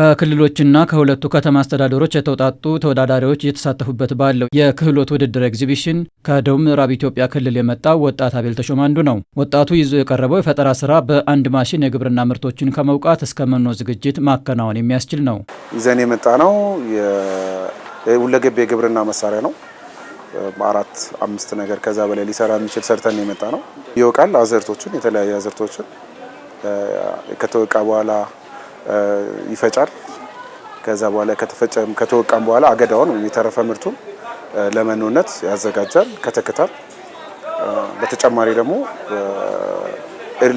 ከክልሎችና ከሁለቱ ከተማ አስተዳደሮች የተውጣጡ ተወዳዳሪዎች እየተሳተፉበት ባለው የክህሎት ውድድር ኤግዚቢሽን ከደቡብ ምዕራብ ኢትዮጵያ ክልል የመጣው ወጣት አቤል ተሾም አንዱ ነው። ወጣቱ ይዞ የቀረበው የፈጠራ ስራ በአንድ ማሽን የግብርና ምርቶችን ከመውቃት እስከ መኖ ዝግጅት ማከናወን የሚያስችል ነው። ይዘን የመጣ ነው ሁለገብ የግብርና መሳሪያ ነው። አራት አምስት ነገር ከዛ በላይ ሊሰራ የሚችል ሰርተን የመጣ ነው። ይወቃል አዘርቶችን የተለያዩ አዘርቶችን ከተወቃ በኋላ ይፈጫል። ከዛ በኋላ ከተፈጨ ከተወቃም በኋላ አገዳውን የተረፈ ምርቱን ለመኖነት ያዘጋጃል፣ ከተክታል። በተጨማሪ ደግሞ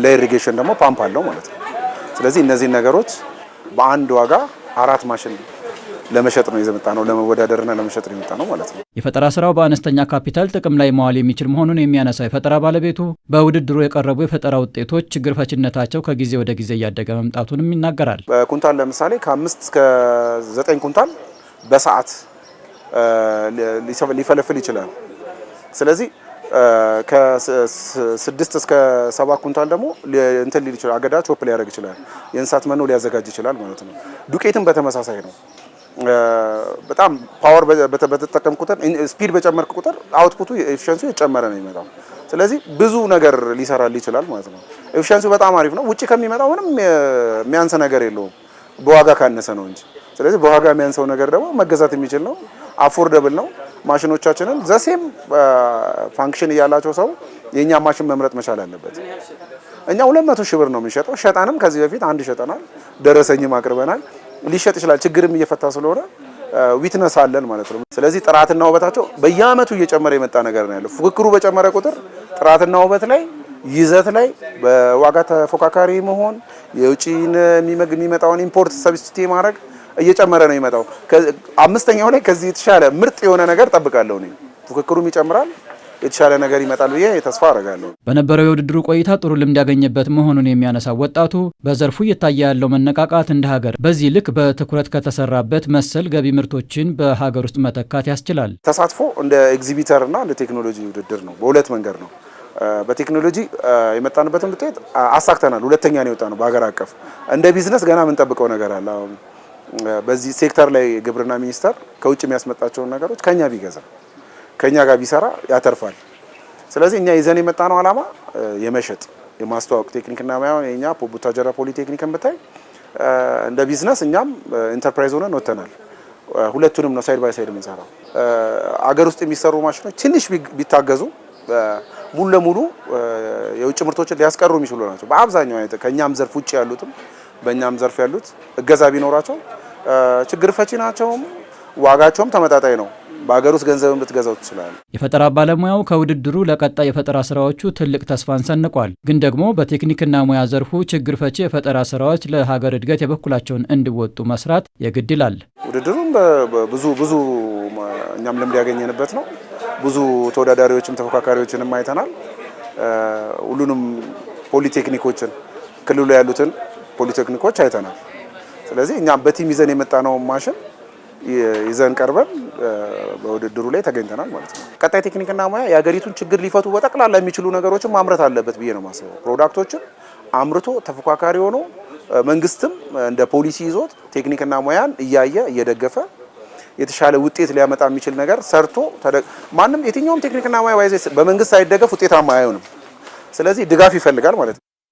ለኢሪጌሽን ደግሞ ፓምፕ አለው ማለት ነው። ስለዚህ እነዚህን ነገሮች በአንድ ዋጋ አራት ማሽን ለመሸጥ ነው የዘመጣ ነው ለመወዳደርና ለመሸጥ ነው የመጣ ነው ማለት ነው። የፈጠራ ስራው በአነስተኛ ካፒታል ጥቅም ላይ መዋል የሚችል መሆኑን የሚያነሳው የፈጠራ ባለቤቱ በውድድሩ የቀረቡ የፈጠራ ውጤቶች ችግር ፈችነታቸው ከጊዜ ወደ ጊዜ እያደገ መምጣቱንም ይናገራል። በኩንታል ለምሳሌ ከአምስት እስከ ዘጠኝ ኩንታል በሰዓት ሊፈለፍል ይችላል። ስለዚህ ከስድስት እስከ ሰባ ኩንታል ደግሞ እንትን ሊል ይችላል። አገዳ ቾፕ ሊያደርግ ይችላል። የእንስሳት መኖ ሊያዘጋጅ ይችላል ማለት ነው። ዱቄትም በተመሳሳይ ነው። በጣም ፓወር በተጠቀም ቁጥር ስፒድ በጨመርክ ቁጥር አውትፑቱ ኤፊሽንሲ የጨመረ ነው የሚመጣው። ስለዚህ ብዙ ነገር ሊሰራል ይችላል ማለት ነው። ኤፊሽንሲ በጣም አሪፍ ነው። ውጭ ከሚመጣው ምንም የሚያንስ ነገር የለውም፣ በዋጋ ካነሰ ነው እንጂ። ስለዚህ በዋጋ የሚያንሰው ነገር ደግሞ መገዛት የሚችል ነው። አፎርደብል ነው። ማሽኖቻችንን ዘሴም ፋንክሽን እያላቸው ሰው የእኛ ማሽን መምረጥ መቻል አለበት። እኛ ሁለት መቶ ሺህ ብር ነው የምንሸጠው። ሸጠንም ከዚህ በፊት አንድ ሸጠናል፣ ደረሰኝም አቅርበናል። ሊሸጥ ይችላል። ችግርም እየፈታ ስለሆነ ዊትነስ አለን ማለት ነው። ስለዚህ ጥራትና ውበታቸው በየአመቱ እየጨመረ የመጣ ነገር ነው ያለው። ፉክክሩ በጨመረ ቁጥር ጥራትና ውበት ላይ ይዘት ላይ በዋጋ ተፎካካሪ መሆን የውጭን የሚመጣውን ኢምፖርት ሰብስቲቲ ማድረግ እየጨመረ ነው የሚመጣው። አምስተኛው ላይ ከዚህ የተሻለ ምርጥ የሆነ ነገር ጠብቃለሁ ፉክክሩም ይጨምራል። የተሻለ ነገር ይመጣል ብዬ ተስፋ አረጋለሁ። በነበረው የውድድሩ ቆይታ ጥሩ ልምድ ያገኘበት መሆኑን የሚያነሳው ወጣቱ በዘርፉ እየታየ ያለው መነቃቃት እንደ ሀገር በዚህ ልክ በትኩረት ከተሰራበት መሰል ገቢ ምርቶችን በሀገር ውስጥ መተካት ያስችላል። ተሳትፎ እንደ ኤግዚቢተር እና እንደ ቴክኖሎጂ ውድድር ነው። በሁለት መንገድ ነው። በቴክኖሎጂ የመጣንበትን ውጤት አሳክተናል። ሁለተኛ ነው የወጣ ነው በሀገር አቀፍ። እንደ ቢዝነስ ገና የምንጠብቀው ነገር አለ። በዚህ ሴክተር ላይ ግብርና ሚኒስቴር ከውጭ የሚያስመጣቸውን ነገሮች ከኛ ቢገዛ ከኛ ጋር ቢሰራ ያተርፋል። ስለዚህ እኛ ይዘን የመጣ ነው ዓላማ የመሸጥ የማስተዋወቅ ቴክኒክና ሙያውን የኛ ቡታጀራ ፖሊቴክኒክን ብታይ እንደ ቢዝነስ እኛም ኢንተርፕራይዝ ሆነን ወተናል። ሁለቱንም ነው ሳይድ ባይ ሳይድ የምንሰራው። አገር ውስጥ የሚሰሩ ማሽኖች ትንሽ ቢታገዙ ሙሉ ለሙሉ የውጭ ምርቶችን ሊያስቀሩ የሚችሉ ናቸው። በአብዛኛው አይነት ከእኛም ዘርፍ ውጭ ያሉትም በእኛም ዘርፍ ያሉት እገዛ ቢኖራቸው ችግር ፈቺ ናቸውም፣ ዋጋቸውም ተመጣጣኝ ነው። በሀገር ውስጥ ገንዘብን ብትገዛው ትችላል። የፈጠራ ባለሙያው ከውድድሩ ለቀጣይ የፈጠራ ስራዎቹ ትልቅ ተስፋን ሰንቋል። ግን ደግሞ በቴክኒክና ሙያ ዘርፉ ችግር ፈቺ የፈጠራ ስራዎች ለሀገር እድገት የበኩላቸውን እንዲወጡ መስራት የግድ ይላል። ውድድሩም ብዙ ብዙ እኛም ልምድ ያገኘንበት ነው። ብዙ ተወዳዳሪዎችም ተፎካካሪዎችንም አይተናል። ሁሉንም ፖሊቴክኒኮችን ክልሉ ያሉትን ፖሊቴክኒኮች አይተናል። ስለዚህ እኛም በቲም ይዘን የመጣ ነው ማሽን ይዘን ቀርበን በውድድሩ ላይ ተገኝተናል ማለት ነው። ቀጣይ ቴክኒክና ሙያ የሀገሪቱን ችግር ሊፈቱ በጠቅላላ የሚችሉ ነገሮችን ማምረት አለበት ብዬ ነው ማስበው። ፕሮዳክቶችን አምርቶ ተፎካካሪ ሆኖ መንግስትም እንደ ፖሊሲ ይዞት ቴክኒክና ሙያን እያየ እየደገፈ የተሻለ ውጤት ሊያመጣ የሚችል ነገር ሰርቶ ማንም የትኛውም ቴክኒክና ሙያ በመንግስት ሳይደገፍ ውጤታማ አይሆንም። ስለዚህ ድጋፍ ይፈልጋል ማለት ነው።